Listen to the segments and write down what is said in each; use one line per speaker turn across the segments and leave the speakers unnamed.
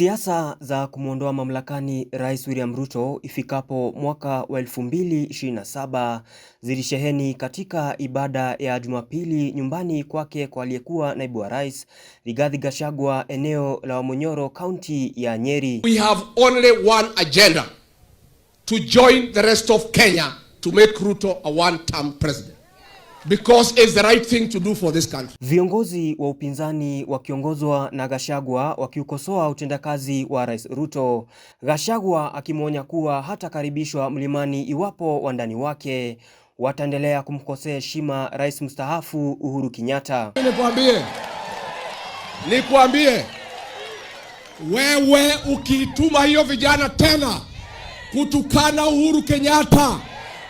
Siasa za kumwondoa mamlakani Rais William Ruto ifikapo mwaka wa 2027 zilisheheni katika ibada ya Jumapili nyumbani kwake kwa aliyekuwa naibu wa rais Rigathi Gachagua eneo la Wamonyoro kaunti ya Nyeri.
We have only one agenda to join the rest of Kenya to make Ruto a one term president. Because it's the right thing to do for this country.
Viongozi wa upinzani wakiongozwa na Gachagua wakiukosoa utendakazi wa Rais Ruto. Gachagua akimwonya kuwa hatakaribishwa mlimani iwapo wandani wake wataendelea kumkosea heshima Rais mstaafu Uhuru Kenyatta.
Nikwambie, nikwambie wewe ukiituma hiyo vijana tena kutukana Uhuru Kenyatta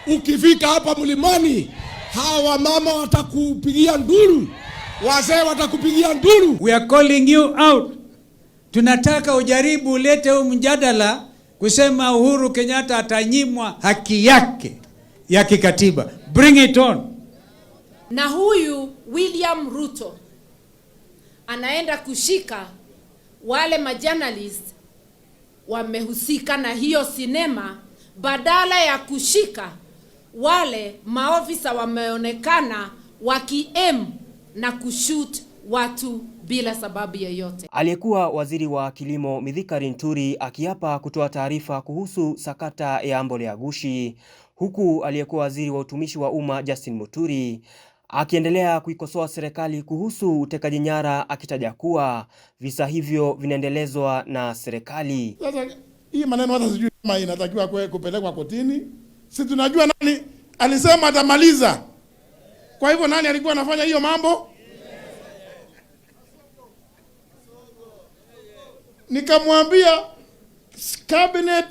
ukifika hapa mlimani hawa wamama watakupigia nduru, wazee watakupigia nduru.
We are calling you out. Tunataka ujaribu ulete huu mjadala kusema Uhuru Kenyatta atanyimwa
haki yake ya kikatiba. Bring it on.
Na huyu William Ruto anaenda kushika wale majournalist wamehusika na hiyo sinema badala ya kushika wale maofisa wameonekana wakiem na kushut watu bila sababu yeyote
Aliyekuwa waziri wa kilimo Mithika Nturi akiapa kutoa taarifa kuhusu sakata ya mbolea ghushi, huku aliyekuwa waziri wa utumishi wa umma Justin Muturi akiendelea kuikosoa serikali kuhusu utekaji nyara, akitaja kuwa visa hivyo vinaendelezwa na serikali.
Sasa hii maneno hata sijui kama inatakiwa kupelekwa kotini si tunajua nani alisema atamaliza. Kwa hivyo nani alikuwa anafanya hiyo mambo? Nikamwambia cabinet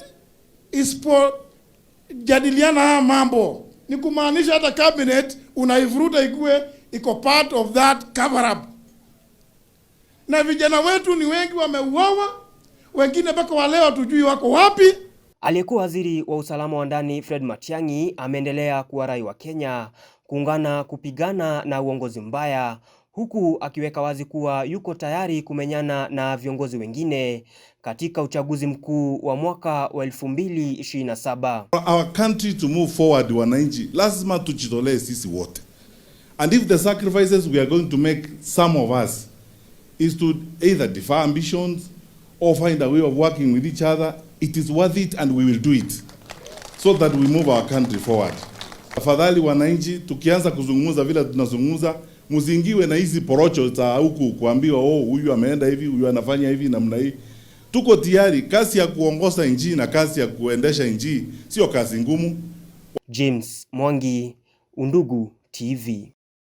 isipojadiliana haya mambo ni kumaanisha hata cabinet unaivuruta ikuwe iko part of that cover up. Na vijana wetu ni wengi wameuawa, wengine mpaka waleo hatujui wako wapi.
Aliyekuwa waziri wa usalama wa ndani Fred Matiang'i ameendelea kuwarai Kenya kuungana kupigana na uongozi mbaya huku akiweka wazi kuwa yuko tayari kumenyana na viongozi wengine katika uchaguzi mkuu wa mwaka wa 2027.
For our country to move forward, wananchi lazima tujitolee sisi wote. And if the sacrifices we are going to make some of us is to either defer ambitions or find a way of working with each other, it is worth it and we will do it so that we move our country forward. Tafadhali wananchi, tukianza kuzungumza vile tunazungumza, muzingiwe na hizi porocho za huku kuambiwa, oh, huyu ameenda hivi, huyu anafanya hivi namna hii. Tuko tayari. kasi ya kuongoza nchi na kasi ya kuendesha nchi sio kazi ngumu.
James Mwangi, Undugu TV.